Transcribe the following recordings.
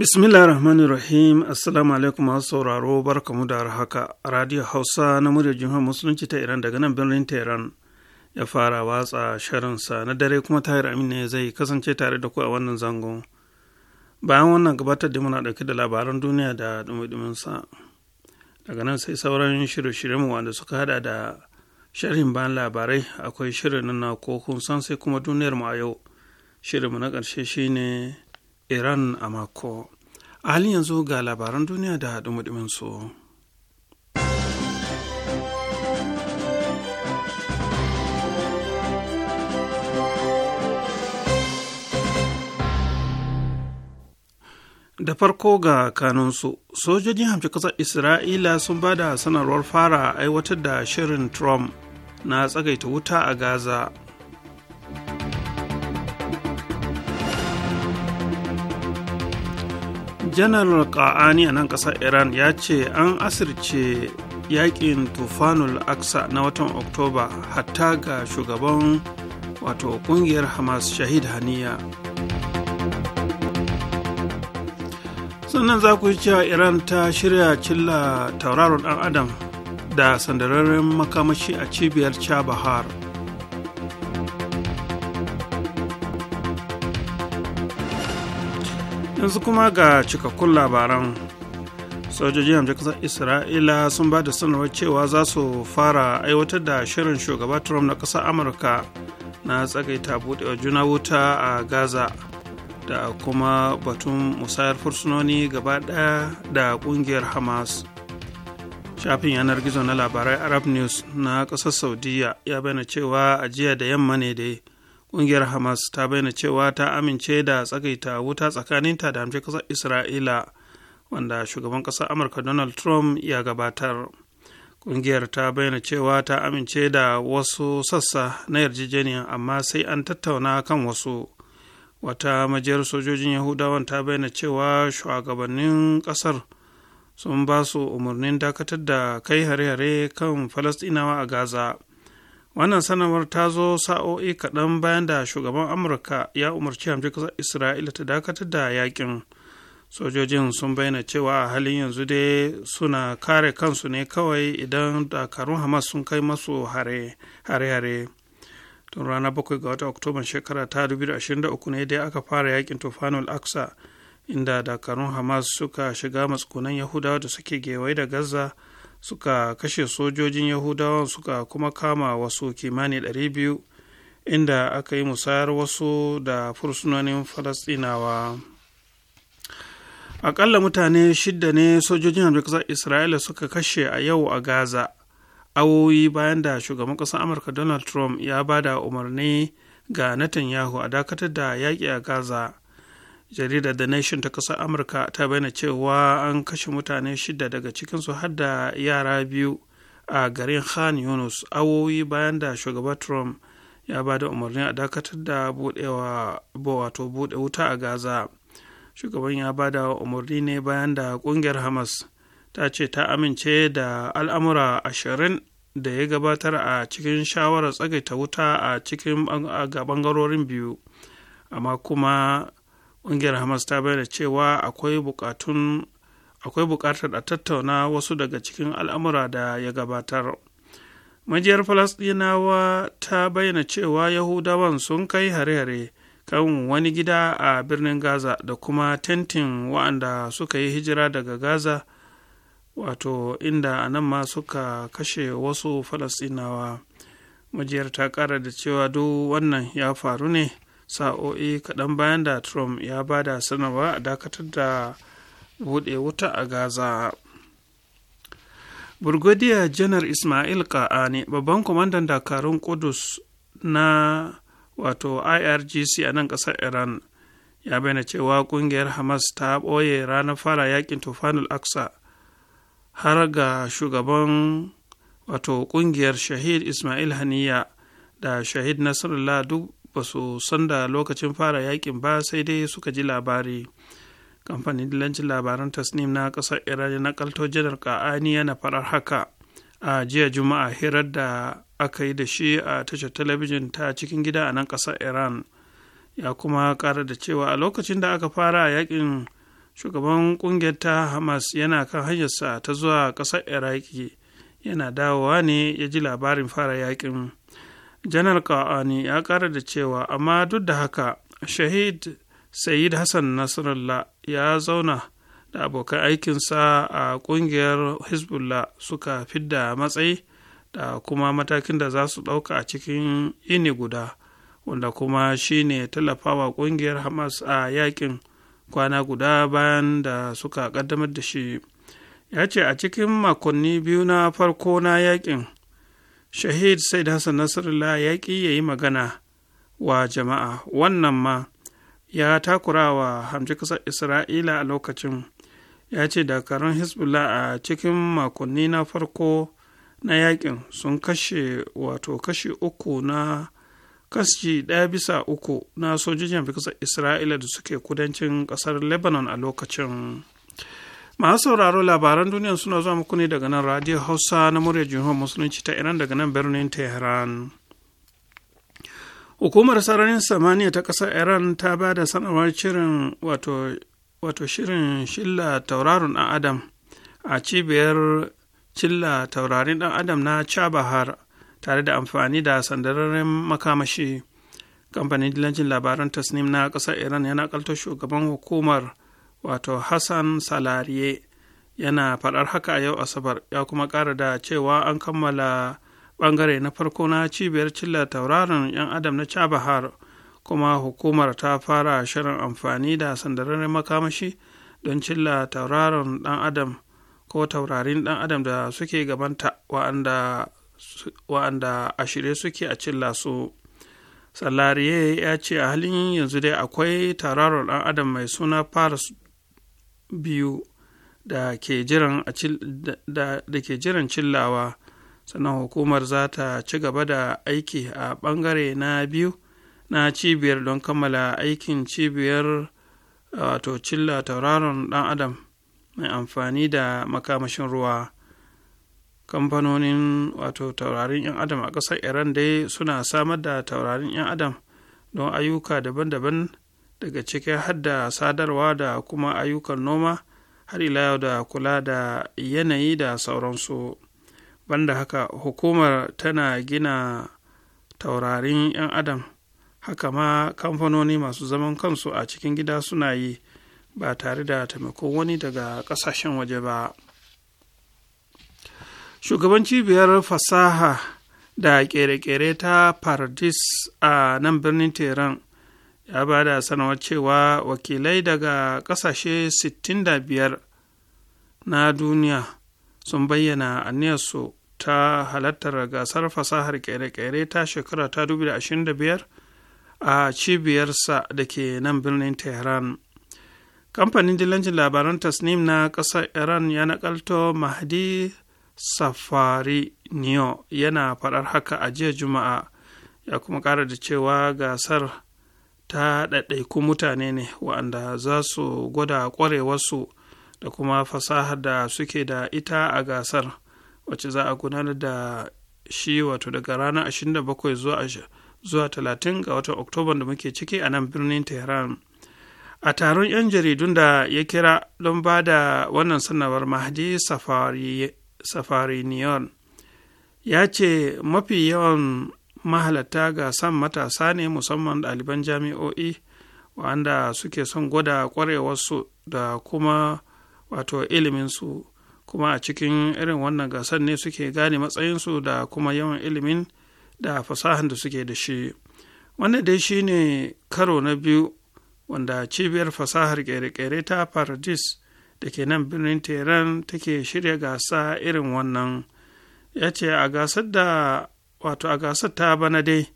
Bismillah rahmanir rahim assalamu alaikum masu sauraro barkamu da haka radio hausa na muryar jihar musulunci ta iran daga nan birnin tehran ya fara watsa shirinsa na dare kuma tahir ne zai kasance tare da ku a wannan zango bayan wannan gabatar da muna ɗauke da labaran duniya da dumi sa daga nan sai sauran shirye-shiryenmu wanda suka hada da sharhin bayan labarai akwai shirin na kokun san sai kuma duniyar mu a yau shirinmu na ƙarshe shine iran a mako a halin yanzu ga labaran duniya da dumudumin su da farko ga kanunsu sojojin hamshi kasar isra'ila sun ba da sanarwar fara aiwatar da shirin trump na tsagaita wuta a gaza janar ka'ani a nan kasar iran ya ce an asirce yaƙin tufanul aksa na watan oktoba hatta ga shugaban wato ƙungiyar hamas shahid haniya sannan za ku cewa iran ta shirya cilla tauraron dan adam da sandararren makamashi a cibiyar chabahar yanzu kuma ga cikakkun labaran sojojin hamjar isra'ila sun ba da sanarwar cewa za su fara aiwatar da shirin shugaba trump na kasar amurka na tsagaita buɗewa juna wuta a gaza da kuma batun musayar fursunoni gaba ɗaya da ƙungiyar hamas shafin yanar gizo na labarai arab news na ƙasar saudiya ya bayyana cewa ajiya da yamma ne dai ƙungiyar hamas ta bayyana cewa ta amince da tsagaita wuta tsakaninta da hamshe ƙasar isra'ila wanda shugaban ƙasar amurka donald trump ya gabatar ƙungiyar ta bayyana cewa ta amince da wasu sassa na yarjejeniya amma sai an tattauna kan wasu wata majiyar sojojin yahudawan ta bayyana cewa shugabannin ƙasar sun ba su umarnin dakatar da kai hare-hare kan falasɗinawa a gaza wannan sanarwar ta zo sa'o'i kaɗan bayan da shugaban amurka ya umarci hamji ƙasar isra'ila ta dakatar da yakin sojojin sun bayyana cewa a halin yanzu dai suna kare kansu ne kawai idan dakarun hamas sun kai masu hare-hare tun ranar bakwai ga wata oktoban shekara ta 2023 ne dai aka fara yakin tufanul aksa inda dakarun hamas suka shiga matsugunan yahudawa da suke gewaye da gaza suka kashe sojojin yahudawan suka kuma kama wasu kimani 200 inda aka yi musayar wasu da fursunonin falastinawa akalla mutane shidda ne sojojin amurka isra'ila suka kashe a yau a gaza awoyi bayan da shugaban ƙasar amurka donald trump ya ba da umarni ga netanyahu a dakatar da yaƙi a gaza jaridar the nation ta kasar amurka ta bayyana cewa an kashe mutane shida daga cikinsu har da yara biyu a garin khan yunus awowi bayan da shugaba trump ya ba da umarni a dakatar da wato bude wuta a gaza shugaban ya ba da umarni ne bayan da kungiyar hamas ta ce ta amince da al'amura ashirin da ya gabatar a cikin shawarar tsagaita wuta a cikin a bangarorin biyu amma kuma ƙungiyar hamas ta bayyana cewa akwai buƙatar a tattauna wasu daga cikin al'amura da ya gabatar majiyar falasɗinawa ta bayyana cewa yahudawan sun kai hare-hare kan wani gida a birnin gaza da kuma tentin wa'anda suka yi hijira daga gaza wato inda a nan ma suka kashe wasu falasɗinawa majiyar ta ƙara da cewa duk wannan ya faru ne sa'o'i kaɗan bayan da trump ya ba da sanarwa a dakatar da buɗe wuta a gaza burgodiya janar ismail ka'ani babban kwamandan dakarun kudus na wato irgc a nan ƙasar iran ya bayyana cewa ƙungiyar hamas ta ɓoye ranar fara yakin tufanul aksa har ga shugaban wato ƙungiyar shahid ismail haniya da shahid nasarullah duk ba su san da lokacin fara yakin ba sai dai suka ji labari kamfanin dillancin labaran tasnim na ƙasar iran na kalto janar ka'ani yana farar haka a jiya juma'a hirar da aka yi da shi a tashar talabijin ta cikin gida a nan ƙasar iran ya kuma kara da cewa a lokacin da aka fara yakin shugaban ƙungiyar ta hamas yana kan hanyarsa ta zuwa ƙasar iraki yana dawowa ne ya ji labarin fara yakin janar ka'ani ya ƙara da cewa amma duk da haka shahid sayid hassan nasrallah ya zauna da abokan aikinsa a ƙungiyar hezbollah suka fidda matsayi da kuma matakin da za su ɗauka a cikin ini guda wanda kuma shine tallafawa ƙungiyar hamas a yakin kwana guda bayan da suka ƙaddamar da shi ya ce a cikin makonni biyu na farko na yakin shahid said hassan nasarullah ya ƙi ya yi magana wa jama'a wannan ma ya takura wa hamji ƙasar isra'ila a lokacin ya ce dakarun hezbollah a cikin makonni na farko na yakin sun kashe wato kashe uku na kashi ɗaya bisa uku na sojojin ƙasar isra'ila da suke kudancin ƙasar lebanon a lokacin masu sauraro labaran duniya suna zuwa muku ne daga nan radio hausa na murya jihohar musulunci ta iran daga nan birnin tehran hukumar sararin samaniya ta ƙasar iran ta ba da sanarwar shirin wato shirin shilla tauraron ɗan adam a cibiyar cilla taurarin ɗan adam na chabahar tare da amfani da sandararren makamashi kamfanin dilancin labaran tasnim na ƙasar iran yana kaltar shugaban hukumar wato hassan salariye yana faɗar haka a yau asabar ya kuma ƙara da cewa an kammala ɓangare na farko na cibiyar cilla tauraron 'yan adam na chabahar kuma hukumar ta fara shirin amfani da sandarar makamashi don cilla tauraron ɗan adam ko taurarin ɗan adam da suke gabanta wa'anda a shirye suke a cilla su salariye ya ce a halin yanzu dai akwai tauraron ɗan adam mai suna paris biyu da ke jiran cillawa sannan hukumar za ta ci gaba da aiki a bangare na biyu na cibiyar don kammala aikin cibiyar wato cilla tauraron dan adam mai amfani da makamashin ruwa kamfanonin wato taurarin 'yan adam a ƙasar iran dai suna samar da taurarin 'yan adam don ayyuka daban-daban daga cikin hadda sadarwa da kuma ayyukan noma har ila yau da kula da yanayi da sauransu banda haka hukumar tana gina taurarin 'yan adam haka ma kamfanoni masu zaman kansu a cikin gida suna yi ba tare da taimakon wani daga kasashen waje ba shugaban cibiyar fasaha da kere-kere ta paradis a nan birnin tehran ya ba da sanarwar cewa wakilai daga ƙasashe 65 na duniya sun bayyana aniyarsu ta halartar gasar fasahar kere-kere ta shekara ta 2025 a cibiyarsa da ke nan birnin tehran kamfanin dillancin labaran tasnim na ƙasar iran ya nakalto mahdi safari niyo yana faɗar haka a jiya juma'a ya kuma ƙara da cewa gasar ta ɗaiɗaiku mutane ne waɗanda za su gwada ƙwarewarsu da kuma fasahar da suke da ita a gasar wacce za a gudanar da shi wato daga ranar 27 zuwa zuwa 30 ga watan oktoba da muke ciki a nan birnin tehran a taron 'yan jaridun da ya kira don ba da wannan sanarwar mahdi safari, safari ya ce mafi yawan mahalarta ga matasa ne musamman ɗaliban jami'o'i wanda suke son gwada ƙwarewarsu da kuma wato iliminsu kuma a cikin irin wannan gasar ne suke gane matsayinsu da kuma yawan ilimin da fasahan da suke da shi wannan dai shi ne karo na biyu wanda cibiyar fasahar kere-kere ta paradis da ke nan birnin tehran take shirya gasa irin wannan ya ce a gasar da wato a gasar ta bana dai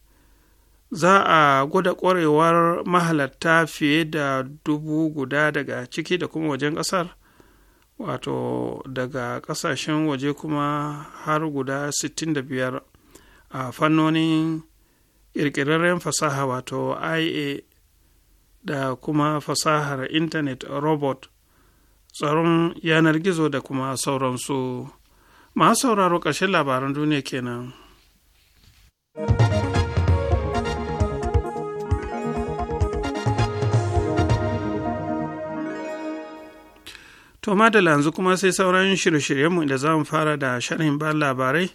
za a gwada ƙwarewar mahalarta fiye da dubu guda daga ciki da kuma wajen ƙasar wato daga ƙasashen waje kuma har guda 65 a fannonin ƙirƙirarren fasaha wato ia da kuma fasahar intanet robot tsaron yanar gizo da kuma sauransu masu sauraro ƙarshen labaran duniya kenan. To da yanzu kuma sai sauran shirye-shiryenmu da zamu fara da sharhin ban labarai,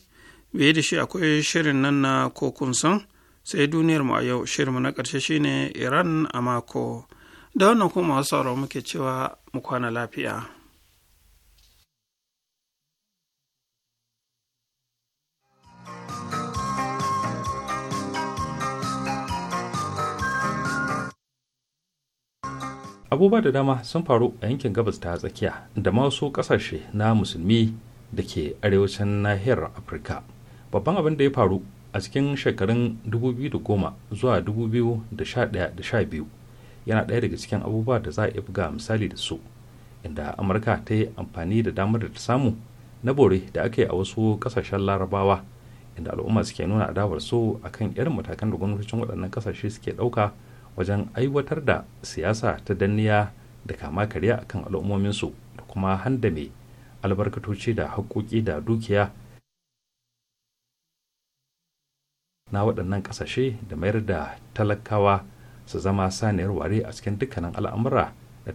biye da shi akwai shirin nan na kokun san sai duniyar mu a yau shirinmu na ƙarshe shine Iran a mako. Da wannan kuma wasu sauraro muke cewa mu kwana lafiya. abubuwa da dama sun faru a yankin gabas ta tsakiya da masu kasashe na musulmi da ke arewacin nahiyar afirka babban abin da ya faru a cikin shekarun 2010 zuwa 2011-12 yana ɗaya daga cikin abubuwa da za a iya buga misali da su inda amurka ta yi amfani da damar da ta samu na bore da aka yi a wasu kasashen larabawa inda al'umma suke nuna adawar su akan irin matakan da gwamnatocin waɗannan kasashe suke ɗauka wajen aiwatar da siyasa ta danniya da kama karya akan al'ummominsu da kuma handame albarkatoci da haƙoƙi da dukiya na waɗannan ƙasashe da mayar da talakawa su zama saniyar ware a cikin dukkanin al'amura da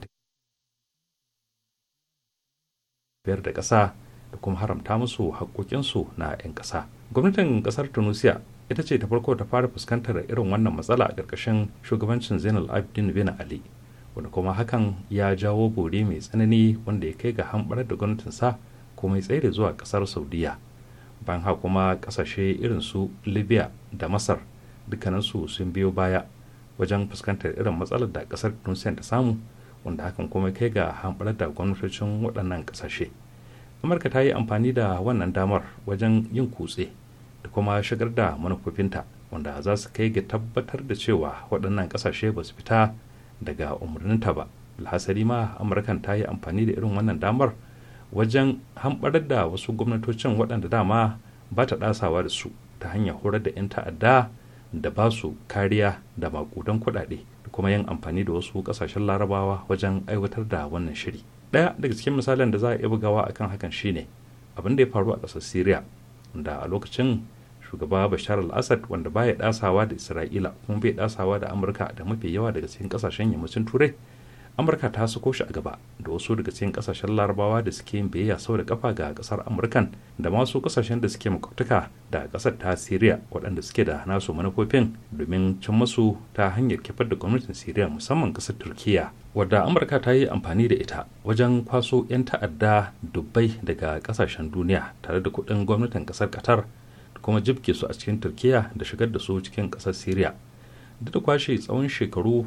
tafiyar da ƙasa da kuma haramta musu haƙoƙinsu na 'yan ƙasa gwamnatin ƙasar tunisia ita ce ta farko ta fara fuskantar irin wannan matsala a ƙarƙashin shugabancin zainal abdin bin ali wanda kuma hakan ya jawo bore mai tsanani wanda ya kai ga hambar da gwamnatinsa kuma ya tsere zuwa ƙasar saudiya bayan haka kuma ƙasashe irin su libya da masar dukkaninsu sun biyo baya wajen fuskantar irin matsalar da ƙasar tunisiya ta samu wanda hakan kuma ya kai ga hamɓarar da gwamnatocin waɗannan ƙasashe amurka ta yi amfani da wannan damar wajen yin kutse da kuma shigar da manufofinta wanda za su kai ga tabbatar da cewa waɗannan ƙasashe ba su fita daga umarninta ba alhasari ma amurkan ta yi amfani da irin wannan damar wajen hamɓar da wasu gwamnatocin waɗanda dama ba ta ɗasawa da su ta hanyar horar da 'yan ta'adda da ba su kariya da makudan kuɗaɗe da kuma yin amfani da wasu ƙasashen larabawa wajen aiwatar da wannan shiri ɗaya daga cikin misalin da za a iya bugawa akan hakan shine abin da ya faru a ƙasar syria da a lokacin shugaba bashar al-assad wanda baya dasawa da isra'ila kuma bai dasawa da amurka da mafi yawa daga cikin kasashen yammacin turai amurka ta sako shi a gaba da wasu daga cikin kasashen larabawa da suke yin biyayya sau da kafa ga kasar amurkan da masu kasashen da suke makwabtaka da kasar ta syria waɗanda suke da nasu manufofin domin cin masu ta hanyar kifar da gwamnatin syria musamman kasar turkiya wadda amurka ta yi amfani da ita wajen kwaso 'yan ta'adda dubbai daga kasashen duniya tare da kuɗin gwamnatin kasar qatar da kuma jibke su a cikin turkiya da shigar da su cikin kasar syria duk da kwashe tsawon shekaru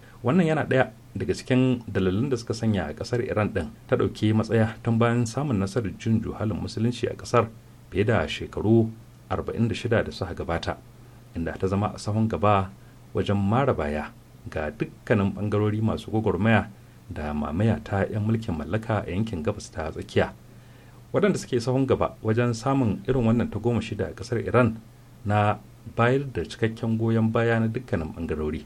wannan yana daya daga cikin dalilin da suka sanya a kasar iran din ta ɗauki matsaya tun bayan samun nasarar jin juhalin musulunci a kasar fiye da shekaru 46 da suka gabata inda ta zama a sahun gaba wajen mara baya ga dukkanin bangarori masu gwagwarmaya da mamaya ta 'yan mulkin mallaka a yankin gabas ta tsakiya waɗanda suke sahun gaba wajen samun irin wannan ta goma shida a kasar iran na bayar da cikakken goyon baya na dukkanin bangarori.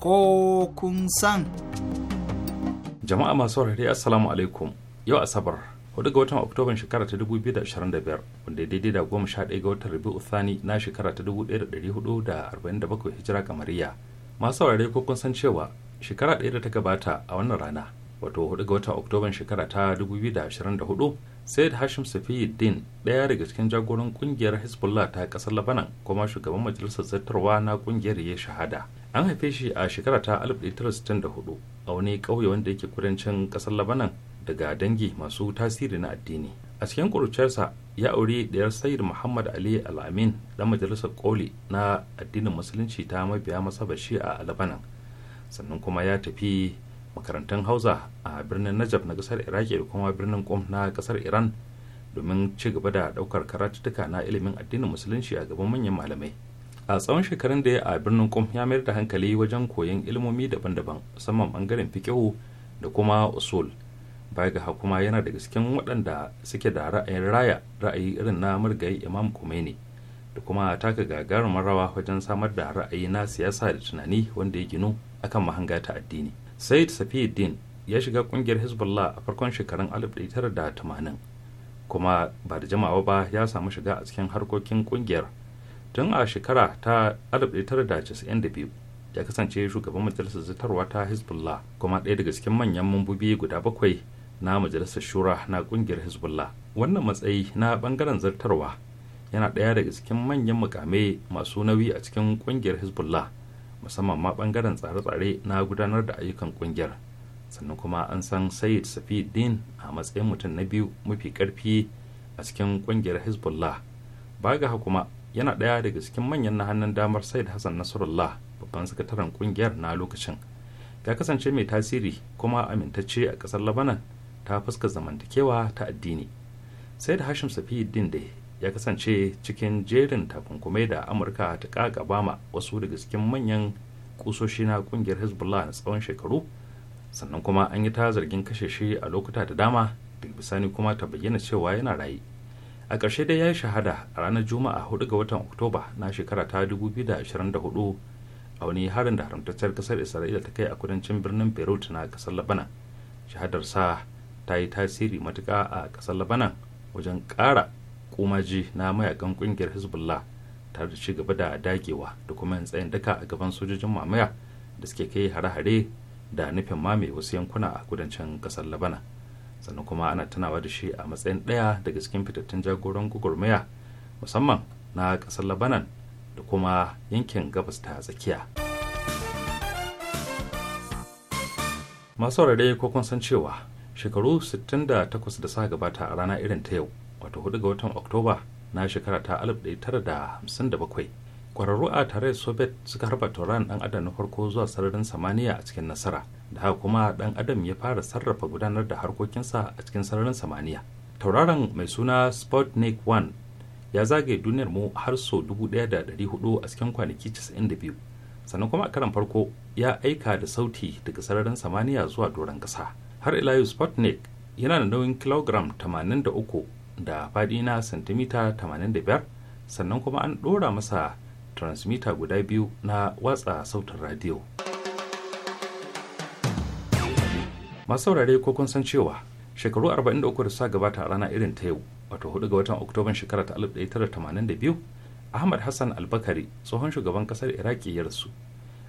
ko kun san. Jama'a masu saurari Assalamu alaikum yau Asabar hudu ga watan Oktoban shekara ta 2025 wanda daidai da goma sha ga watan Rabi'u Uthani na shekara ta 1447 hijira kamariya. Masu saurari ko kun san cewa shekara ɗaya da ta gabata a wannan rana wato hudu ga watan Oktoban shekara ta 2024 Said Hashim Safiyuddin ɗaya daga cikin jagoran kungiyar Hezbollah ta ƙasar Labanan kuma shugaban majalisar zartarwa na kungiyar ya shahada. an haife shi a shekara ta 1964 a wani ƙauye wanda yake kudancin ƙasar labanan daga dangi masu tasiri na addini a cikin ƙuruciyarsa ya aure ɗayar sayyid muhammad ali al al'amin dan majalisar koli na addinin musulunci ta mabiya masa a labanan sannan kuma ya tafi makarantun hausa a birnin najaf na ƙasar iraki da kuma birnin ƙum na ƙasar iran domin ci gaba da ɗaukar karatuttuka na ilimin addinin musulunci a gaban manyan malamai a tsawon shekarun da ya a birnin kum ya mayar da hankali wajen koyon ilmomi daban-daban musamman bangaren fikihu da kuma usul baya ga hakuma yana da cikin waɗanda suke da ra'ayin raya ra'ayi irin na murgayi imam kumaini da kuma taka gagarumar rawa wajen samar da ra'ayi na siyasa da tunani wanda ya ginu akan mahanga ta addini said safiuddin ya shiga kungiyar hezbollah a farkon shekarun 1980 kuma ba da jama'a ba ya samu shiga a cikin harkokin kungiyar tun a shekara ta 1992 ya kasance shugaban majalisar zartarwa ta hezbollah kuma ɗaya daga cikin manyan mambobi guda bakwai na majalisar shura na ƙungiyar hezbollah wannan matsayi na ɓangaren zartarwa yana ɗaya daga cikin manyan mukame masu nauyi a cikin ƙungiyar hezbollah musamman ma ɓangaren tsare-tsare na gudanar da ayyukan ƙungiyar sannan kuma an san sayid safi din a matsayin mutum na biyu mafi ƙarfi a cikin ƙungiyar hezbollah ba ga kuma yana ɗaya daga cikin manyan na hannun damar said hassan nasrullah babban sakataren ƙungiyar na lokacin ya kasance mai tasiri kuma amintacce a ƙasar labanan ta fuska zamantakewa ta addini sai da hashim safiuddin da ya kasance cikin jerin takunkumai da amurka ta kakabama wasu daga cikin manyan ƙusoshi na ƙungiyar hezbollah na tsawon shekaru sannan kuma an yi ta zargin kashe shi a lokuta da dama duk bisani kuma ta bayyana cewa yana raye a ƙarshe dai ya yi shahada a ranar juma'a 4 ga watan oktoba na shekara ta 2024 a wani harin da haramtacciyar ƙasar isra'ila ta kai a kudancin birnin beirut na ƙasar labanan shahadar sa ta yi tasiri matuka a ƙasar labanan wajen ƙara kumaji na mayakan ƙungiyar hezbollah tare da ci gaba da dagewa da kuma yin tsayin daka a gaban sojojin mamaya da suke kai hare-hare da nufin mame wasu yankuna a kudancin ƙasar labanan sannan kuma ana tunawa da shi a matsayin ɗaya daga cikin fitattun jagoran gugurmaya musamman na ƙasar labanan da kuma yankin gabas ta tsakiya masu rarrai ko kun san cewa shekaru 68 da suka gabata a rana irin ta yau wato 4 ga watan oktoba na shekara ta 1957 kwararru a tare soviet suka harba tauraron dan adam na farko zuwa sararin samaniya a cikin nasara da haka kuma dan adam ya fara sarrafa gudanar da harkokinsa a cikin sararin samaniya tauraron mai suna sputnik 1 ya zage duniyar mu har sau 1400 a cikin kwanaki 92 sannan kuma a karan farko ya aika da sauti daga sararin samaniya zuwa doron kasa. har ila yau sputnik yana da nauyin kilogram 83 da faɗi na santimita 85 sannan kuma an ɗora masa transmitter guda biyu na watsa sautin radio masu saurare ko kun san cewa shekaru 43 da sa gabata a rana irin ta yau wato 4 ga watan oktoban shekara ta 1982 ahmad hassan albakari tsohon shugaban kasar iraki ya rasu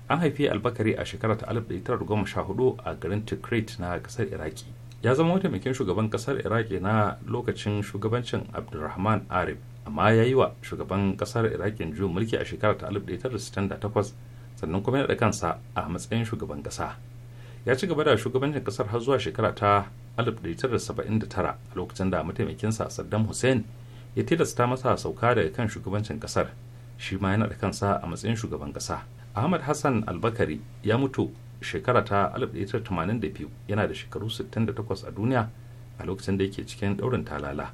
an haifi albakari a shekara ta 1914 a garin tikrit na kasar iraki ya zama mataimakin shugaban kasar iraki na lokacin shugabancin abdulrahman arif amma ya yi wa shugaban kasar irakin juyin mulki a shekarar ta 1968 sannan kuma da kansa a matsayin shugaban kasa ya ci gaba da shugabancin kasar har zuwa shekara ta 1979 a lokacin da mataimakinsa saddam hussein ya tilasta masa sauka daga kan shugabancin kasar shi ma yana da kansa a matsayin shugaban kasa ahmad hassan albakari ya mutu shekara ta 1982 yana da shekaru 68 a duniya a lokacin da yake cikin daurin talala.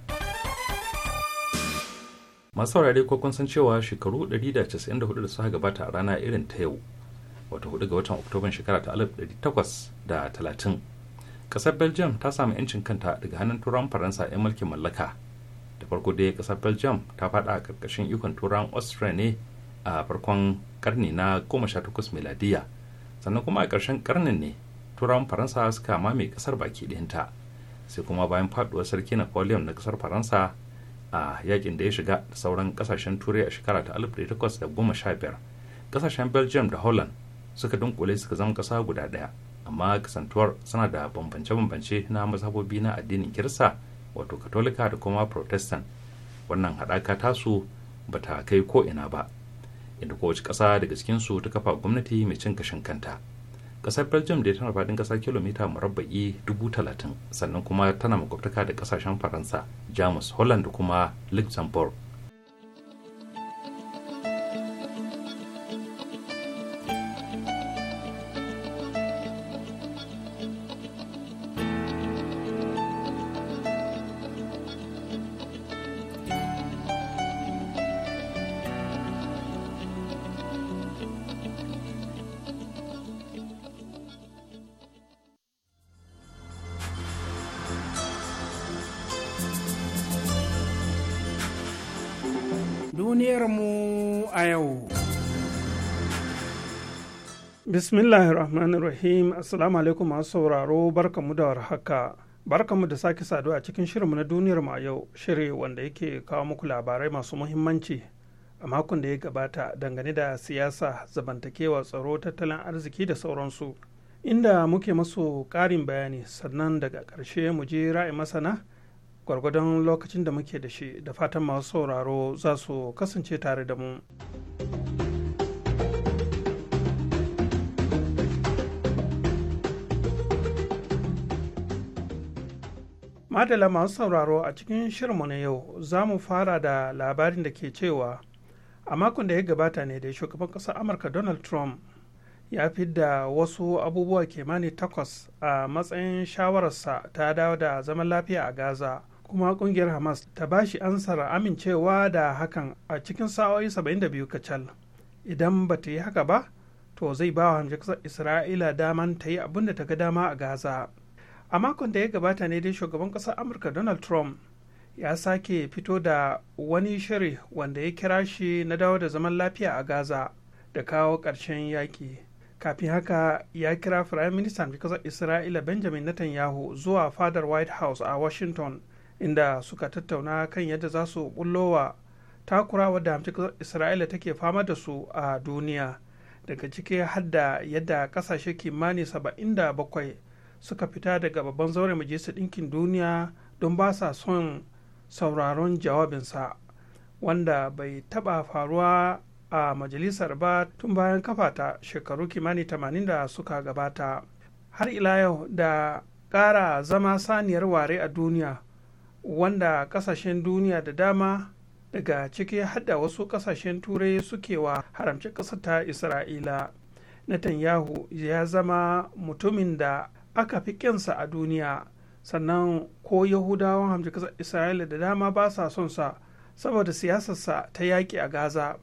masu saurare ko kun san cewa shekaru 194 da suka gabata a rana irin ta yau wata hudu ga watan oktoban shekara ta 1830 kasar belgium ta samu yancin kanta daga hannun turan faransa 'yan mulkin mallaka da farko dai kasar belgium ta fada a karkashin ikon turan austria ne a farkon karni na 18 miladiya sannan kuma a karshen karnin ne turan faransa suka mame kasar baki ɗinta sai kuma bayan faduwar sarki napoleon na kasar faransa a yakin da ya shiga da sauran kasashen turai a shekara ta 1815 kasashen belgium da holland suka dunkule suka zama kasa guda daya amma kasantuwar suna da bambance-bambance na mazhabobi na addinin kirista wato katolika da kuma protestant wannan haɗaka tasu ba ta kai ko ina ba inda kowace ƙasa daga cikinsu ta kafa gwamnati mai cin kashin kanta kasar belgium da tana faɗin ƙasa kilomita murabba'i dubu talatin sannan kuma tana makwabtaka da ƙasashen faransa jamus holland da kuma luxembourg duniyarmu a yau. Rahim, Assalamu alaikum masu sauraro barkamu da warhaka. Barkamu da sake saduwa a cikin shirinmu na duniyarmu a yau, shiri wanda yake kawo muku labarai masu muhimmanci a makon da ya gabata dangane da siyasa, zabantakewa tsaro, tattalin arziki da sauransu. Inda muke masu ƙarin bayani sannan daga ƙarshe mu je ra'ayi masana gwargwadon lokacin da muke da shi da fatan masu sauraro za su kasance tare da mu. Madala masu sauraro a cikin shirinmu na yau za mu fara da labarin da ke cewa a makon da ya gabata ne da shugaban ƙasar Amurka Donald Trump ya fidda wasu abubuwa kimanin takwas a matsayin shawararsa ta dawo da zaman lafiya a Gaza. kuma kungiyar hamas ta ba shi ansar amincewa da hakan a cikin sa'o'i 72 kacal idan ba ta yi haka ba to zai ba wa isra'ila daman ta yi abin da ta ga dama a gaza a makon da ya gabata ne dai shugaban ƙasar amurka donald trump ya sake fito da wani shiri wanda ya kira shi na dawo da zaman lafiya a gaza da kawo ƙarshen yaƙi kafin haka ya kira firayim ministan kasar isra'ila benjamin netanyahu zuwa fadar white house a washington inda suka tattauna kan yadda za su bullowa takura da hamcin isra'ila take fama da su a duniya daga ciki hadda yadda kasashe kimani 77 suka fita daga babban zaure majalisar ɗinkin duniya don ba sa son sauraron jawabinsa wanda bai taɓa faruwa a majalisar ba tun bayan kafata shekaru kimani 80 da suka gabata har ila yau da ƙara zama saniyar ware a duniya wanda kasashen duniya da dama daga ciki hada wasu kasashen turai suke wa haramci ƙasar ta isra'ila netanyahu ya zama mutumin da aka fi kinsa a duniya sannan ko yahudawan hamci ƙasar isra'ila da dama ba sa son sa saboda siyasarsa ta yaƙi a gaza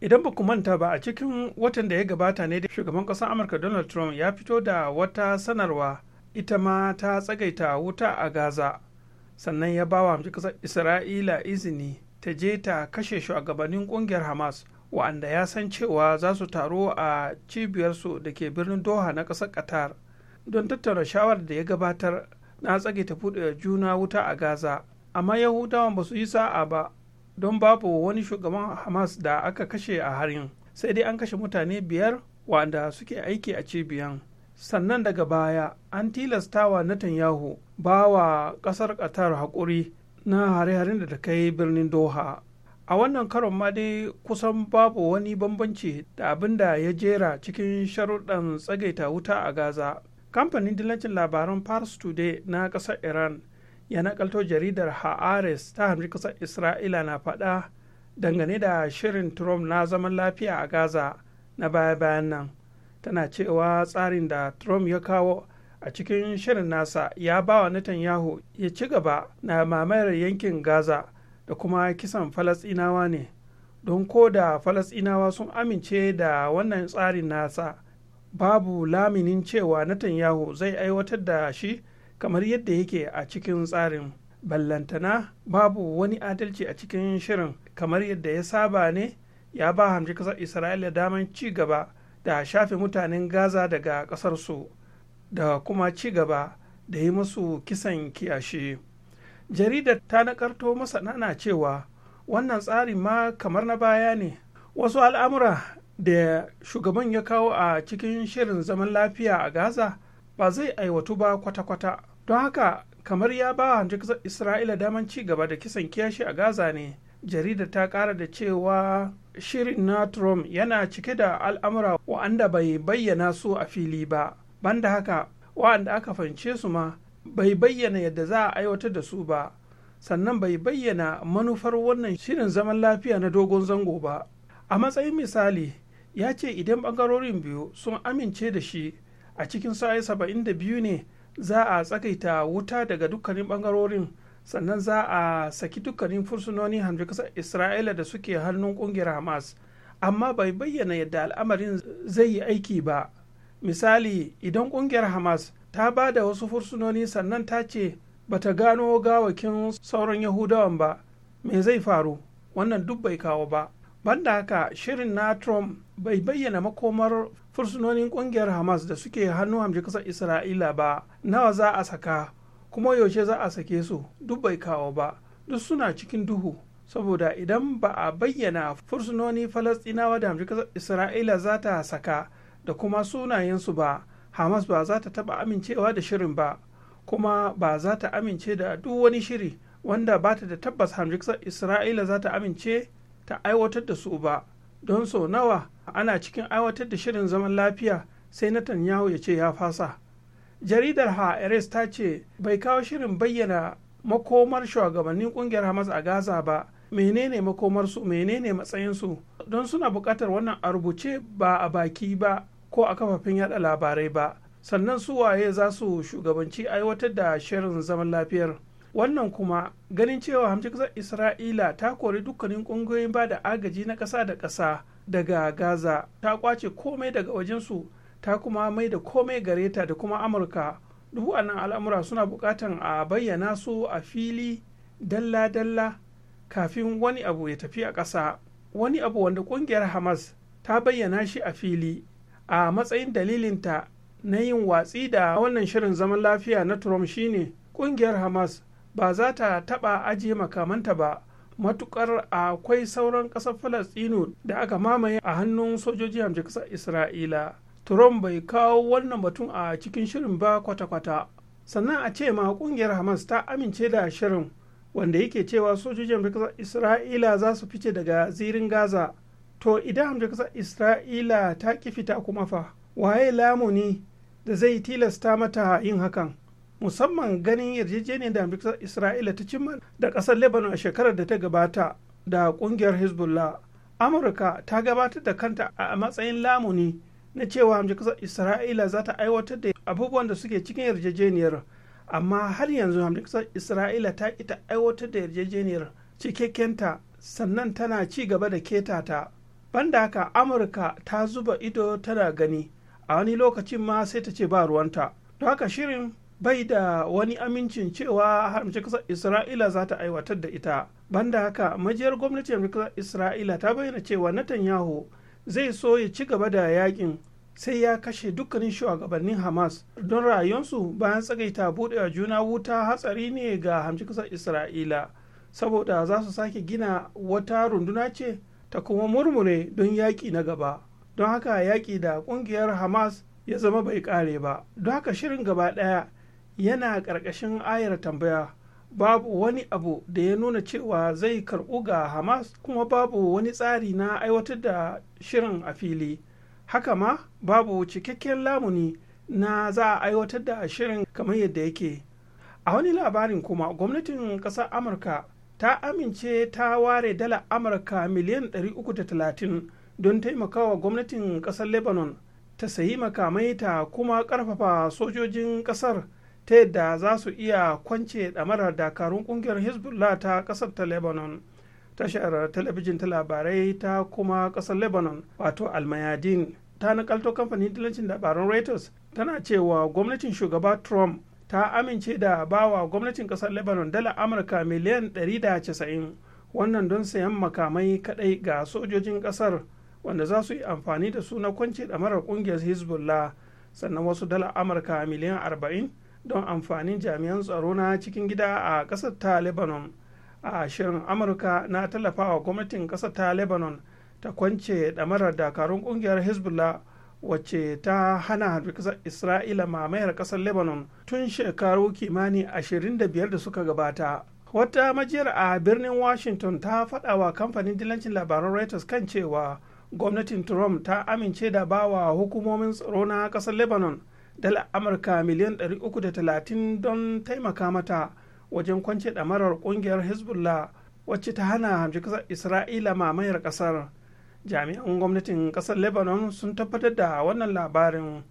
idan ba manta ba a cikin watan da ya gabata ne da shugaban ƙasar amurka donald trump ya fito da wata sanarwa ita ma ta tsagaita wuta a gaza sannan ya ba wa kasar isra'ila izini ta je ta kashe shugabannin kungiyar hamas wa'anda ya san cewa za su taro a cibiyarsu da ke birnin doha na ƙasar qatar don tattara shawarar da ya gabatar na tsage ta buɗe juna wuta a gaza amma yahudawan ba su yi sa'a ba don babu wani shugaban hamas da aka kashe a harin sai dai an kashe mutane biyar wa'anda suke aiki a cibiyan sannan daga baya an tilastawa Netanyahu ba wa ƙasar qatar haƙuri na hare-haren da ta kai birnin doha a wannan karon ma dai kusan babu wani bambanci da abin da ya jera cikin sharuɗan tsagaita wuta a gaza kamfanin dillancin labaran pars today na ƙasar iran ya nakalto jaridar haares ta hamri ƙasar isra'ila na faɗa dangane da shirin trump na zaman lafiya a gaza na baya-bayan nan tana cewa tsarin da trump ya kawo a cikin shirin nasa ya ba wa Netanyahu ya ci gaba na mamayar yankin Gaza da kuma kisan Falasɗinawa ne don ko da Falasɗinawa sun amince da wannan tsarin nasa babu laminin cewa Netanyahu zai aiwatar da shi kamar yadda yake a cikin tsarin ballantana babu wani adalci a cikin shirin kamar yadda ya saba ne ya ba hamji kasar isra'ila daman ci gaba da shafe mutanen gaza daga kasarsu da kuma ci gaba da yi masu kisan kiyashe jaridar ta nakarto masana cewa wannan tsari ma kamar na baya ne wasu al'amura da shugaban ya kawo a cikin shirin zaman lafiya a gaza ba zai aiwatu ba kwata-kwata don haka kamar ya ba wa isra'ila daman ci gaba da kisan kiyashe a gaza ne jaridar ta kara da cewa shirin na trump yana cike da al'amura wa'anda bai bayyana su a fili ba banda haka wa'anda aka fahimce su ma bai bayyana yadda za a aiwatar da su ba sannan bai bayyana manufar wannan shirin zaman lafiya na dogon zango ba a matsayin misali ya ce idan bangarorin biyu sun amince da shi a cikin sa'ai saba'in biyu ne za a tsakaita wuta daga dukkanin bangarorin sannan za a saki dukkanin fursunonin hanzu kasar isra'ila da suke hannun kungiyar hamas amma bai bayyana yadda al'amarin zai yi aiki ba misali idan kungiyar hamas ta ba da wasu fursunoni sannan ta ce ba ta gano gawakin sauran yahudawan ba me zai faru wannan duk bai kawo ba banda haka shirin na trump bai bayyana makomar fursunonin kungiyar hamas da suke hannu hamji kasar isra'ila ba nawa za a saka kuma yaushe za a sake su duk bai kawo ba duk suna cikin duhu saboda idan ba a bayyana fursunoni falastinawa da hamji kasar isra'ila za ta saka da kuma sunayensu ba hamas ba za ta taba amincewa da shirin ba kuma ba za ta amince da duk wani shiri wanda ba ta da tabbas hamjiksar isra'ila za ta amince ta aiwatar da su ba don so nawa ana cikin aiwatar da shirin zaman lafiya sai na netanyahu ya ce ya fasa jaridar Eres ta ce bai kawo shirin bayyana makomar shugabannin kungiyar hamas a gaza ba menene makomarsu menene matsayinsu don suna bukatar wannan a rubuce ba a baki ba ko a kafafen yada labarai ba sannan su waye za su shugabanci aiwatar da shirin zaman lafiyar wannan kuma ganin cewa kasar isra'ila ta kori dukkanin ƙungiyoyin ba da agaji na kasa da kasa daga gaza ta kwace komai daga wajensu ta kuma mai da komai gare ta da kuma amurka duk nan al'amura suna buƙatan a bayyana su a fili dalla-dalla kafin wani abu ya tafi a ƙasa wani abu wanda ƙungiyar hamas ta bayyana shi a fili a matsayin dalilinta na yin watsi da wannan shirin zaman lafiya na trump shine kungiyar hamas ba za ta taba ajiye makamanta ba matukar akwai sauran kasar falasɗinu da aka mamaye a hannun sojoji hamshe kasar isra'ila trump bai kawo wannan batun a cikin shirin ba kwata-kwata sannan a ce ma kungiyar hamas ta amince da shirin wanda yake cewa sojoji sojojin kasar isra'ila za su fice daga zirin gaza to idan hamdu kasar isra'ila ta ki fita kuma fa waye lamuni da zai tilasta mata yin hakan musamman ganin yarjejeniyar da hamshe isra'ila ta cimma da kasar lebanon a shekarar da ta gabata da kungiyar hezbollah amurka ta gabatar da kanta a matsayin lamuni na cewa hamshe kasar isra'ila za ta aiwatar da abubuwan da suke cikin yarjejeniyar amma har yanzu hamshe kasar isra'ila ta ki ta aiwatar da yarjejeniyar cikakkenta sannan tana ci gaba da keta ta banda haka amurka ta zuba ido tana gani a wani lokacin ma sai ta ce ba ruwanta To haka shirin bai da wani amincin cewa haramci kasar isra'ila za ta aiwatar da ita banda haka majiyar gwamnatin kasar isra'ila ta bayyana cewa netanyahu zai so ya ci gaba da yakin sai ya kashe dukkanin shugabannin hamas don rayuwarsu bayan tsagaita buɗewa juna wuta hatsari ne ga haramci kasar isra'ila saboda za su sake gina wata runduna ce ta kuma murmure don yaƙi na gaba don haka yaƙi da ƙungiyar hamas ya zama bai ƙare ba don haka shirin gaba ɗaya yana ƙarƙashin ayar tambaya babu wani abu da ya nuna cewa zai karɓu ga hamas kuma babu wani tsari na aiwatar da shirin a fili haka ma babu cikakken lamuni na za a aiwatar da shirin kamar yadda yake a wani labarin kuma gwamnatin ƙasar amurka ta amince ta ware dala amurka miliyan 330 don taimakawa gwamnatin kasar lebanon ta sayi makamai ta kuma karfafa sojojin kasar ta yadda za su iya kwance ɗamarar dakarun ƙungiyar hezbollah ta ƙasar ta lebanon tashar talabijin ta labarai ta kuma ƙasar lebanon wato almayadin ta nakalto kamfanin dillancin labaran reuters tana cewa gwamnatin shugaba trump ta amince da bawa gwamnatin kasar lebanon dala amurka miliyan 190 wannan don sayan makamai kadai ga sojojin kasar wanda za su yi amfani da su na kwance marar kungiyar hezbollah sannan wasu dala amurka miliyan 40 don amfanin jami'an tsaro na cikin gida a kasar ta lebanon a shirin amurka na tallafawa gwamnatin kasar ta lebanon ta kwance marar dakarun kungiyar hezbollah wacce ta hana ƙasar isra'ila mamayar ƙasar lebanon tun shekaru kimani 25 da suka gabata wata majiyar a birnin washington ta faɗa wa kamfanin dilancin labaran reuters kan cewa gwamnatin trump ta amince da bawa hukumomin tsaro na ƙasar lebanon dala amurka miliyan 330 don taimaka mata wajen kwance ɗamarar ƙungiyar hezbollah wacce ta hana hamshi kasar isra'ila mamayar ƙasar jami'an gwamnatin kasar lebanon sun tabbatar da wannan labarin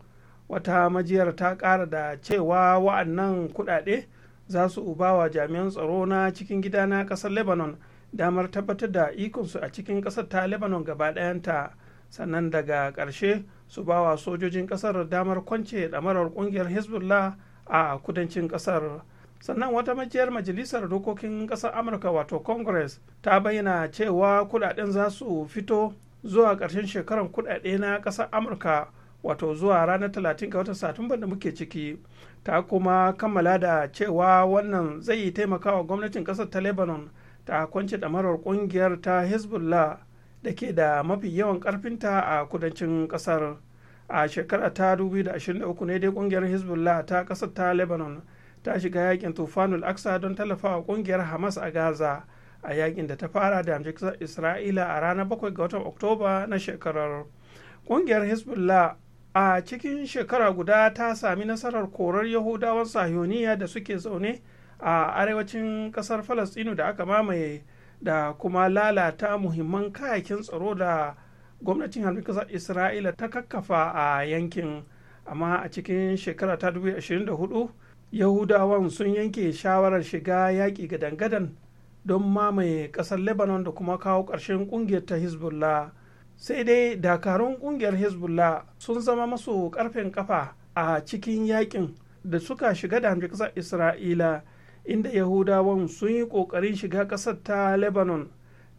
wata majiyar ta kara da cewa wa'annan kudade za su ubawa jami'an tsaro na cikin gida na kasar lebanon damar tabbatar da ikonsu a cikin kasar ta lebanon gaba ɗayanta sannan daga ƙarshe su bawa sojojin kasar damar kwance ɗamarar ƙungiyar hezbollah a kudancin kasar sannan wata majiyar majalisar dokokin ƙasar amurka wato congress ta bayyana cewa kudaden za su fito zuwa ƙarshen shekarar kudade na ƙasar amurka wato zuwa ranar 30 ga watan satumba da muke ciki ta kuma kammala da cewa wannan zai yi taimakawa gwamnatin ƙasar ta lebanon ta kwanci damarar ƙungiyar ta hezbollah da ke da mafi yawan karfinta a kudancin ƙasar a shekara ta 2023 ne dai ƙungiyar hezbollah ta ƙasar ta lebanon ta shiga yakin tufanul aksa don tallafawa kungiyar hamas a gaza a yakin da ta fara da amsar isra'ila a ranar 7 ga watan oktoba na shekarar kungiyar hezbollah a cikin shekara guda ta sami nasarar korar yahudawan sahiyoniya da suke zaune a arewacin kasar falastinu da aka mamaye da kuma lalata muhimman kayakin tsaro da gwamnatin kasar isra'ila ta kakkafa a yankin amma a cikin shekara ta 2024 yahudawan sun yanke shawarar shiga yaƙi gadangadan don mamaye ƙasar lebanon da kuma kawo ƙarshen ƙungiyar ta hezbollah sai dai dakarun ƙungiyar hezbollah sun zama masu ƙarfin kafa a cikin yaƙin da suka shiga da ƙasar isra'ila inda yahudawan sun yi ƙoƙarin shiga ƙasar ta lebanon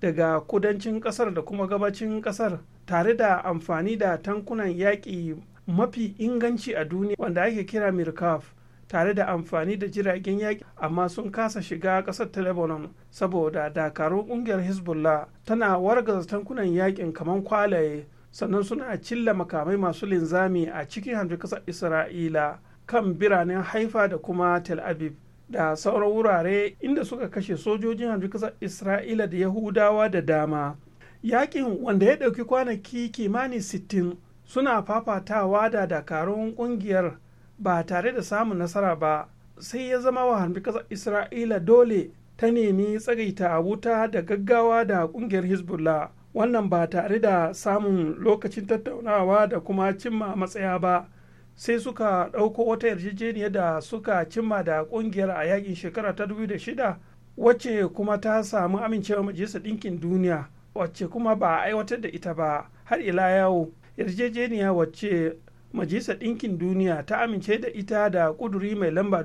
daga kudancin ƙasar da kuma gabacin ƙasar tare da amfani da tankunan yaƙi mafi inganci a duniya wanda ake kira mirkaf tare da amfani da jiragen yaƙi amma sun kasa shiga ƙasar ta lebanon saboda dakarun ƙungiyar hezbollah tana wargaza tankunan yaƙin kamar kwalaye sannan suna cilla makamai masu linzami a cikin hamshin ƙasar isra'ila kan biranen haifa da kuma tel aviv da sauran wurare inda suka kashe sojojin hamshin ƙasar isra'ila da yahudawa da dama yaƙin wanda ya ɗauki kwanaki kimanin sittin suna fafatawa da dakarun ƙungiyar ba tare da samun nasara ba sai ya zama wa harbi ƙasar isra'ila dole ta nemi tsagaita wuta da gaggawa da ƙungiyar hezbollah wannan ba tare da samun lokacin tattaunawa da kuma cimma matsaya ba sai suka ɗauko wata yarjejeniya da suka cimma da ƙungiyar a yakin shekara ta shida. wacce kuma ta samu amincewa majalisar ɗinkin duniya wacce kuma ba a aiwatar da ita ba har ila yawo yarjejeniya wacce majalisar ɗinkin duniya ta amince da ita da ƙuduri mai lamba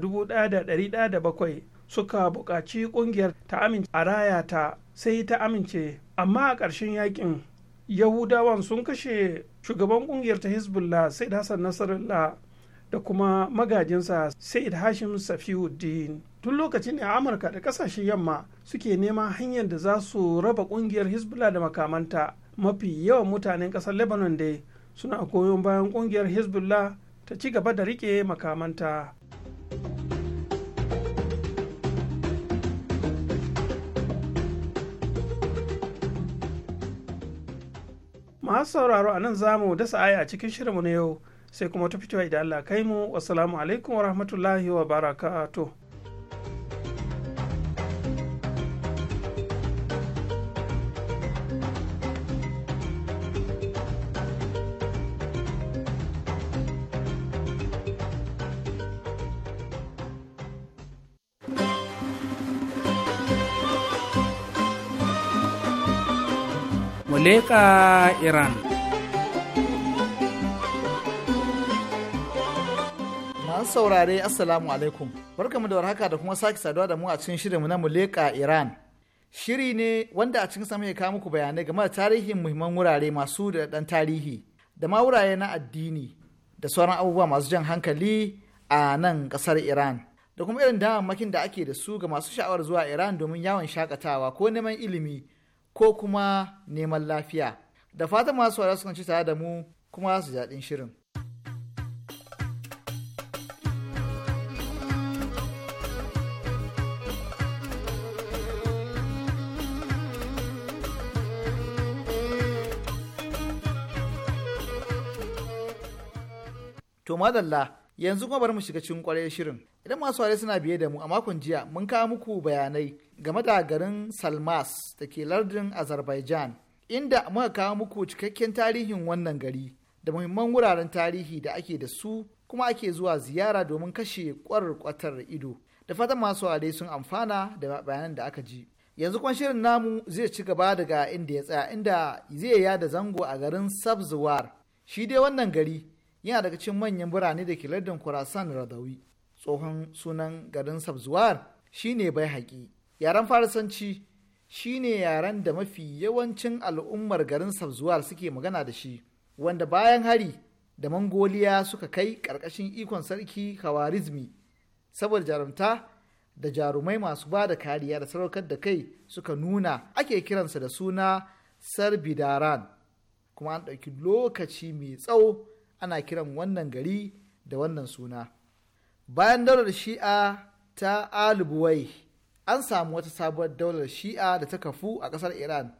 bakwai suka buƙaci ƙungiyar ta amince a raya ta sai ta amince amma a ƙarshen yakin yahudawan sun kashe shugaban ƙungiyar ta hezbollah sai hassan nasarallah da kuma magajinsa Said Hashim Safiuddin. Tun lokacin ne Amurka da ƙasashen yamma suke neman hanyar da za su raba ƙungiyar Hezbollah da makamanta mafi yawan mutanen ƙasar Lebanon dai suna koyon bayan ƙungiyar hezbollah ta ci gaba da riƙe makamanta masu sauraro a nan zamu dasa aya a cikin shirinmu na yau sai kuma ta fitowa idan Allah kai mu wasu alaikum wa rahmatullahi wa barakatuh leƙa iran masu saurare assalamu alaikum barkamu da warhaka da kuma sake saduwa da mu a cikin shirinmu na muleka iran shiri ne wanda a cikin sama ya kawo muku bayanai game da tarihin muhimman wurare masu da dan tarihi da ma wurare na addini da sauran abubuwa masu jan hankali a nan kasar iran da kuma irin damammakin da ake da su ga masu sha'awar zuwa iran domin yawon shakatawa ko neman ilimi ko kuma neman lafiya da fatan masu wara su ci tare da mu kuma su daɗin shirin To madalla yanzu kuma bari mu shiga cikin kwarai shirin. Idan masu ware suna biye da mu a makon jiya mun kawo muku bayanai game da garin Salmas da ke lardin Azerbaijan, inda muka kawo muku cikakken tarihin wannan gari da muhimman wuraren tarihi da ake da su kuma ake zuwa ziyara domin kashe kwatar ido. Da fatan masu sun amfana da bayanan da aka ji. Yanzu kwan shirin namu zai ci gaba daga inda ya tsaya inda zai ya da zango a garin Sabzuwar. Shi dai wannan gari yana daga cikin manyan birane da ke lardin kurasan Radawi. Tsohon sunan garin Sabzuwar shine bai haƙi. yaren farisanci shine yaren da mafi yawancin al'ummar garin sabzuwar suke magana da shi wanda bayan hari da mangoliya suka kai ƙarƙashin ikon sarki kawarizmi saboda jarumta da jarumai masu ba da kariya da saraukar da kai suka nuna ake kiransa da suna sarbidaran kuma an ɗauki lokaci mai tsawo ana kiran wannan gari da wannan suna bayan daular shi'a ta alibuwai an samu wata sabuwar daular shi'a da ta kafu a ƙasar iran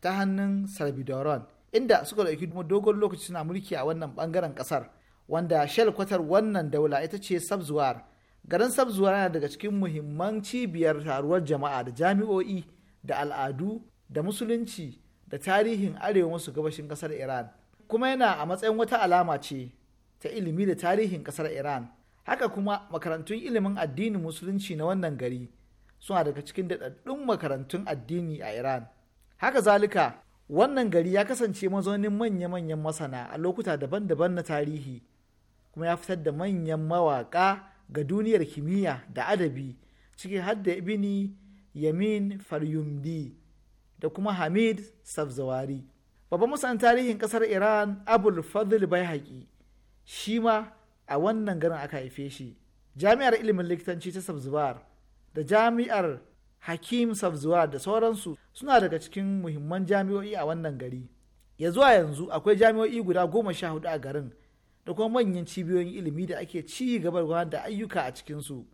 ta hannun sarbidoron inda suka ɗauki dogon lokaci suna mulki a wannan bangaren ƙasar wanda kwatar wannan daula ita ce sabzuwar garin sabzuwar yana daga cikin muhimman cibiyar taruwar jama'a da jami'o'i da al'adu da musulunci da tarihin arewa masu gabashin ƙasar iran kuma yana a matsayin wata alama ce ta ilimi da tarihin ƙasar iran haka kuma makarantun ilimin addinin musulunci na wannan gari suna daga cikin daɗaɗɗun makarantun addini a iran haka zalika wannan gari ya kasance mazaunin manya-manyan masana a lokuta daban-daban na tarihi kuma ya fitar da manyan mawaƙa ga duniyar kimiyya da adabi ciki har da ibini yamin faryumdi da kuma hamid safzawari babban masanin tarihin ƙasar iran abul fadl bai shi ma a wannan garin aka haife shi jami'ar ilimin likitanci ta safzawar da jami'ar hakim safzuwa da sauransu suna daga cikin muhimman jami'o'i a wannan gari ya zuwa yanzu akwai jami'o'i guda goma sha hudu a garin da kuma manyan cibiyoyin ilimi da ake ci gaba da ayyuka a cikinsu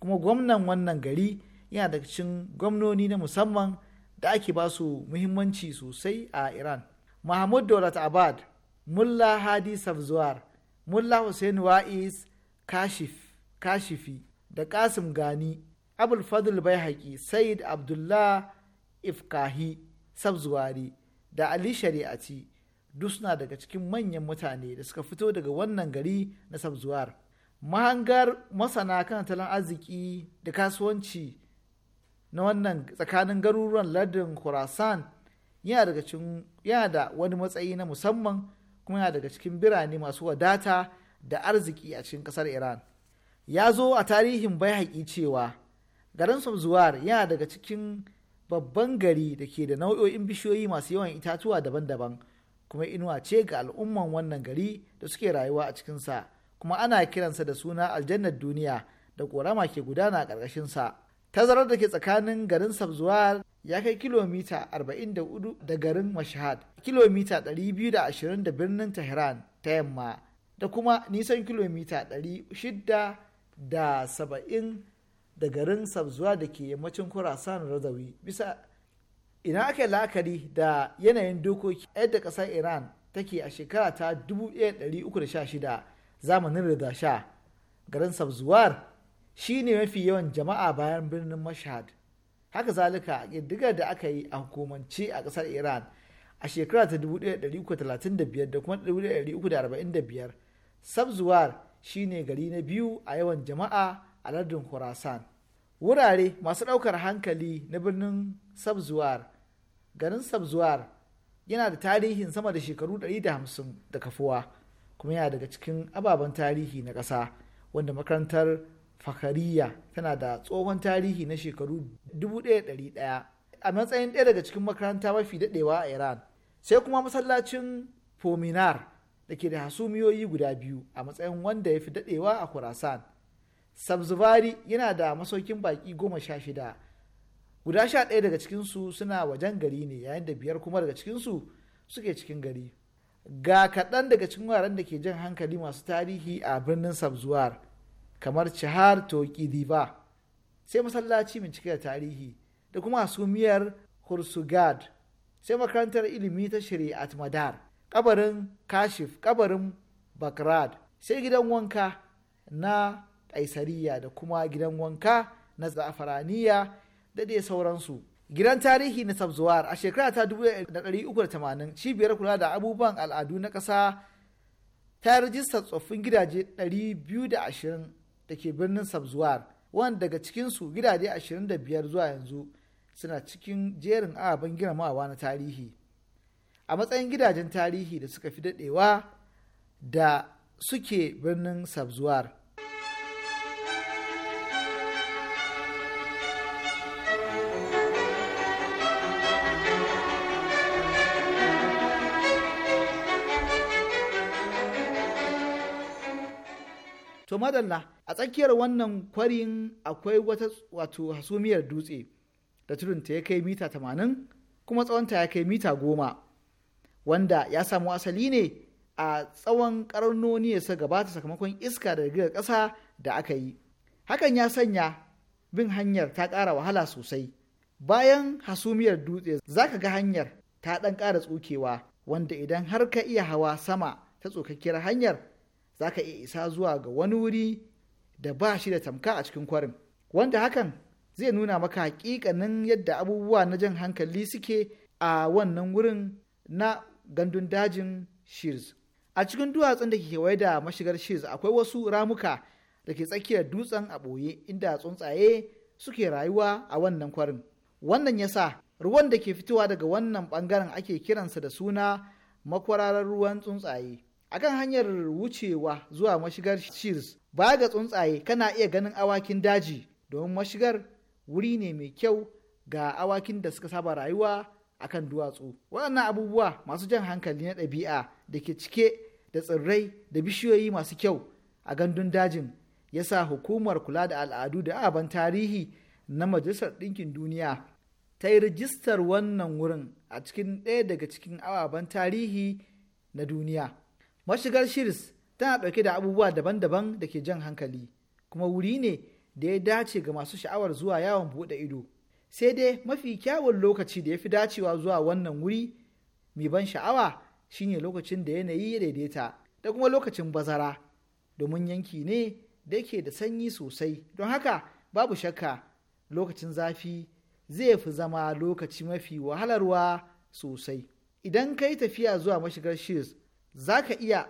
kuma gwamnan wannan gari yana daga cikin gwamnoni na musamman da ake ba su muhimmanci sosai a iran mahmud dorat abad mulla hadi safzuwar mulla hussein wa'is kashifi da kasim gani abul bai bai said abdullah ifkahi sabzuwari da ali shari'ati duk suna daga cikin manyan mutane da suka fito daga wannan gari na sabzuwar mahangar masana kan talan arziki da kasuwanci na wannan tsakanin garuruwan ladin khurasan yana da wani matsayi na musamman kuma yana daga cikin birane masu wadata da arziki a cikin kasar iran ya zo a tarihin bai cewa garin zuwar yana daga cikin babban gari da ke da nau'o'in bishiyoyi masu yawan itatuwa daban-daban kuma inuwa ce ga al'umman wannan gari da suke rayuwa a cikinsa kuma ana kiransa da suna aljannar duniya da korama ke gudana a ƙarƙashinsa tazarar da ke tsakanin garin sabzuwar ya kai kilomita 44 da garin mashahad kilomita 220 da birnin tehran ta yamma da kuma nisan kilomita 670 da garin sabzuwa da ke yammacin kurasan razawi bisa ina aka la'akari da yanayin dokoki yadda ƙasar iran take a shekara ta 1316 zamanin rida sha garin sabzuwar shi ne mafi yawan jama'a bayan birnin mashhad haka zalika ƙiddigar da aka yi a hukumance a ƙasar iran a shekara ta 1335 da kuma 1345 sabzuwar shi ne gari na biyu a yawan jama'a a lardin Khorasan. Wurare masu ɗaukar hankali na birnin Sabzuwar, garin Sabzuwar yana da tarihin sama da shekaru 150 da kafuwa, kuma yana daga cikin ababen tarihi na ƙasa, wanda makarantar Fakariya tana da tsohon tarihi na shekaru 1100 a matsayin ɗaya daga cikin makaranta mafi daɗewa a Iran. Sai kuma masallacin Fominar da ke da hasumiyoyi guda biyu a matsayin wanda ya fi daɗewa a Khorasan. sabzuvari yana da masaukin baki goma sha shida guda sha ɗaya daga cikinsu suna wajen gari ne yayin da biyar kuma daga cikinsu suke cikin gari ga kaɗan daga cikin wuraren da ke jan hankali masu tarihi a birnin sabzuwar kamar cihar toki diba sai masallaci cike da tarihi da kuma miyar hursugad sai makarantar ilimi ta shari'at madar kabarin kashif kabarin bakrad sai gidan wanka na Ƙaisariya da kuma gidan wanka na zafaraniya da dai sauransu gidan tarihi na sabzuwar a shekara ta 1380 cibiyar kula da abubuwan al'adu na ƙasa ta rajistar tsoffin gidaje 220 da ke birnin sabzuwar wanda daga cikinsu gidaje 25 zuwa yanzu suna cikin jerin ababen girmamawa na tarihi a matsayin gidajen tarihi da suka fi daɗewa da suke birnin sabzuwar to madalla a tsakiyar wannan kwarin akwai wata wato hasumiyar dutse da tudunta ya kai mita tamanin kuma tsawonta ya kai mita goma wanda ya samu asali ne a tsawon karnoni ya gabata sakamakon iska da daga ƙasa da aka yi hakan ya sanya bin hanyar ta ƙara wahala sosai bayan hasumiyar dutse za ka ga hanyar ta ɗan ƙara tsukewa wanda idan har ka iya hawa sama ta tsokakkiyar hanyar za ka iya isa zuwa ga wani wuri da ba shi da tamka a cikin kwarin wanda hakan zai nuna maka hakikanin yadda abubuwa na jan hankali suke a wannan wurin na gandun dajin shears a cikin duwatsun da ke kewaye da mashigar shears akwai wasu ramuka da ke tsakiyar dutsen a ɓoye inda tsuntsaye suke rayuwa a wannan kwarin wannan yasa ruwan da ke fitowa daga wannan bangaren ake kiransa da suna makwararar ruwan tsuntsaye a kan hanyar wucewa zuwa mashigar shears baya ga tsuntsaye kana iya ganin awakin daji domin mashigar wuri ne mai kyau ga awakin da suka saba rayuwa a kan duwatsu waɗannan abubuwa masu jan hankali na ɗabi'a da ke cike da tsirrai da bishiyoyi masu kyau a gandun dajin ya sa hukumar kula da al'adu da aban tarihi na majalisar ɗinkin duniya ta yi rijistar wannan wurin a cikin ɗaya daga cikin ababen tarihi na duniya mashigar shirs tana ɗauke da abubuwa daban-daban da ke jan hankali kuma wuri ne da ya dace ga masu sha'awar zuwa yawon buɗe ido sai dai mafi kyawun lokaci da ya fi dacewa zuwa wannan wuri mai ban sha'awa shine lokacin da yanayi ya daidaita da kuma lokacin bazara domin yanki ne da ke da sanyi sosai don haka babu shakka lokacin zafi zai fi zama lokaci mafi wahalarwa sosai idan ka tafiya zuwa mashigar shirs za ka iya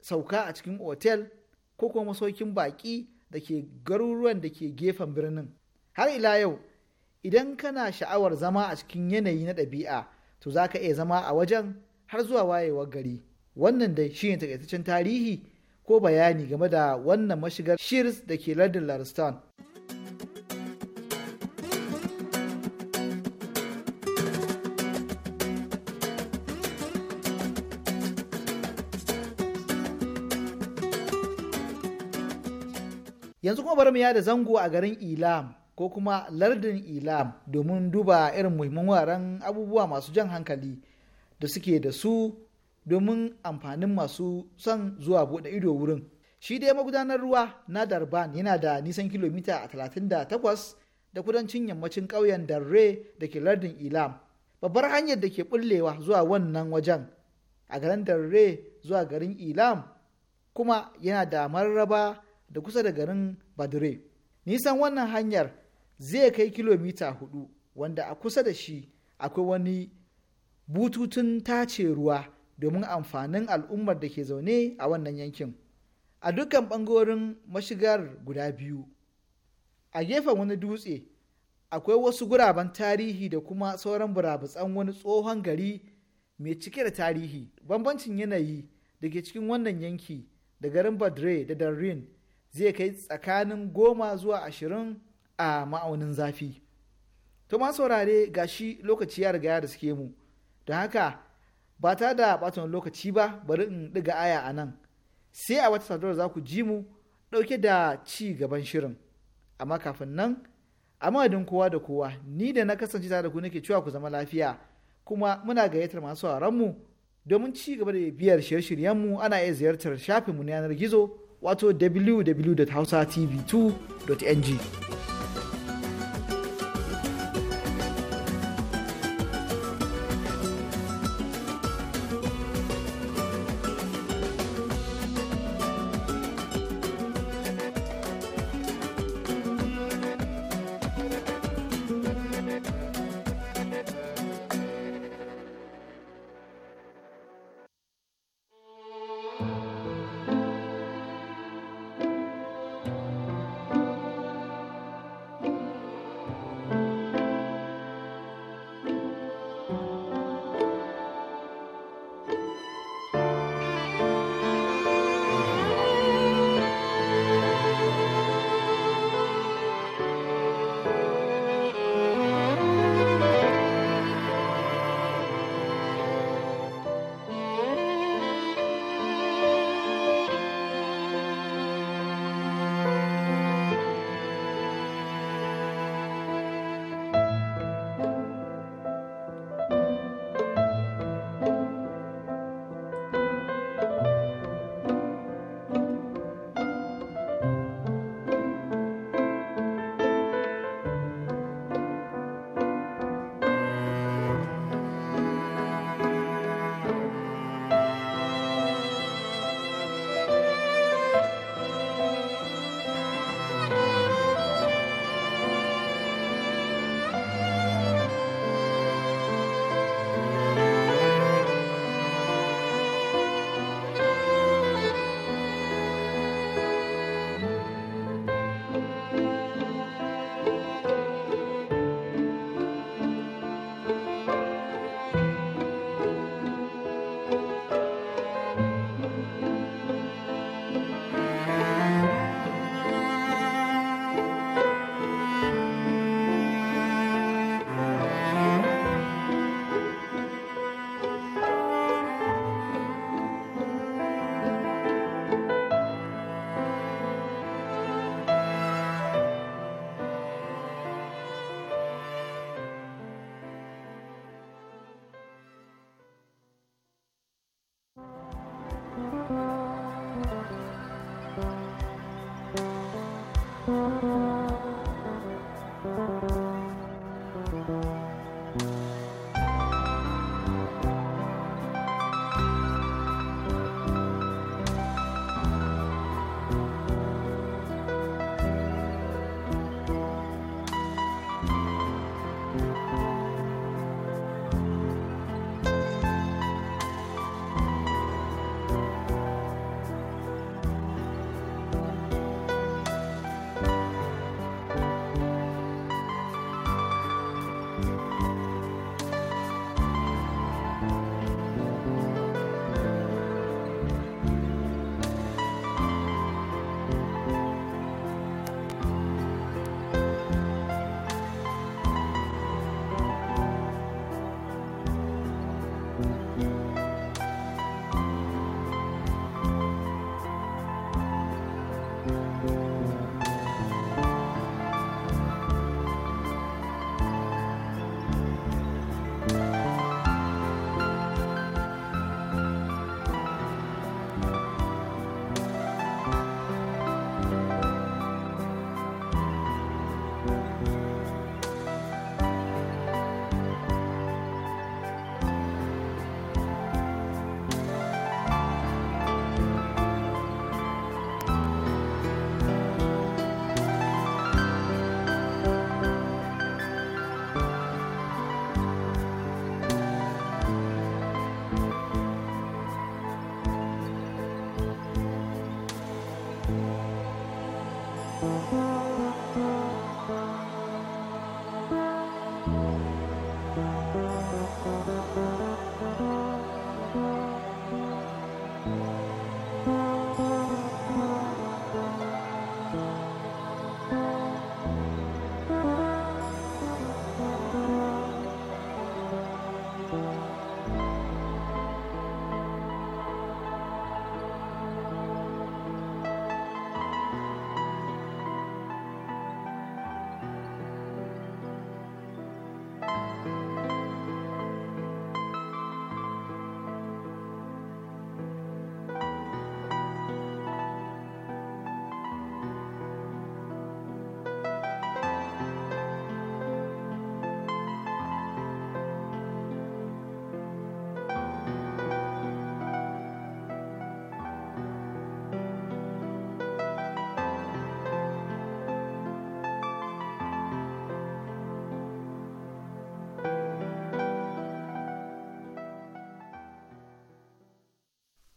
sauka a cikin otel ko kuma masaukin baƙi da ke garuruwan da ke gefen birnin har ila yau idan kana sha'awar zama a cikin yanayi na ɗabi'a to za ka iya zama a wajen har zuwa wayewar gari wannan da shi ne takaitaccen tarihi ko bayani game da wannan mashigar Shirs da ke lardin laristan yanzu kuma bari mu yada zango a garin ilam ko kuma lardin ilam domin duba irin muhimman wuraren abubuwa masu jan hankali da suke da su domin amfanin masu son zuwa buɗe ido wurin shi dai magudanar ruwa na darban yana da nisan kilomita 38 da kudancin yammacin ƙauyen darre da ke lardin ilam babbar hanyar da ke bullewa zuwa wannan wajen a garin darre zuwa garin ilam kuma yana da mararraba da kusa da garin badire nisan wannan hanyar zai kai kilomita hudu wanda a kusa da shi akwai wani bututun tace ruwa domin amfanin al'ummar da ke zaune a wannan yankin a dukkan bangorin mashigar guda biyu a gefen wani dutse akwai wasu guraben tarihi da kuma sauran burabutsan wani tsohon gari mai cike da tarihi bambancin yanayi da ke cikin wannan yanki da garin badre da darin zai kai tsakanin goma zuwa ashirin a ma'aunin zafi to ma saurare ga shi lokaci ya riga da suke mu don haka ba ta da ɓatan lokaci ba bari in ɗiga aya a nan sai a wata sadarwa za ku ji mu ɗauke da ci gaban shirin amma kafin nan a madadin kowa da kowa ni da na kasance tare da ku nake cewa ku zama lafiya kuma muna gayyatar masu mu domin ci gaba da biyar shirye shiryen mu, ana iya ziyartar shafinmu na yanar gizo wato www.hausatv2.ng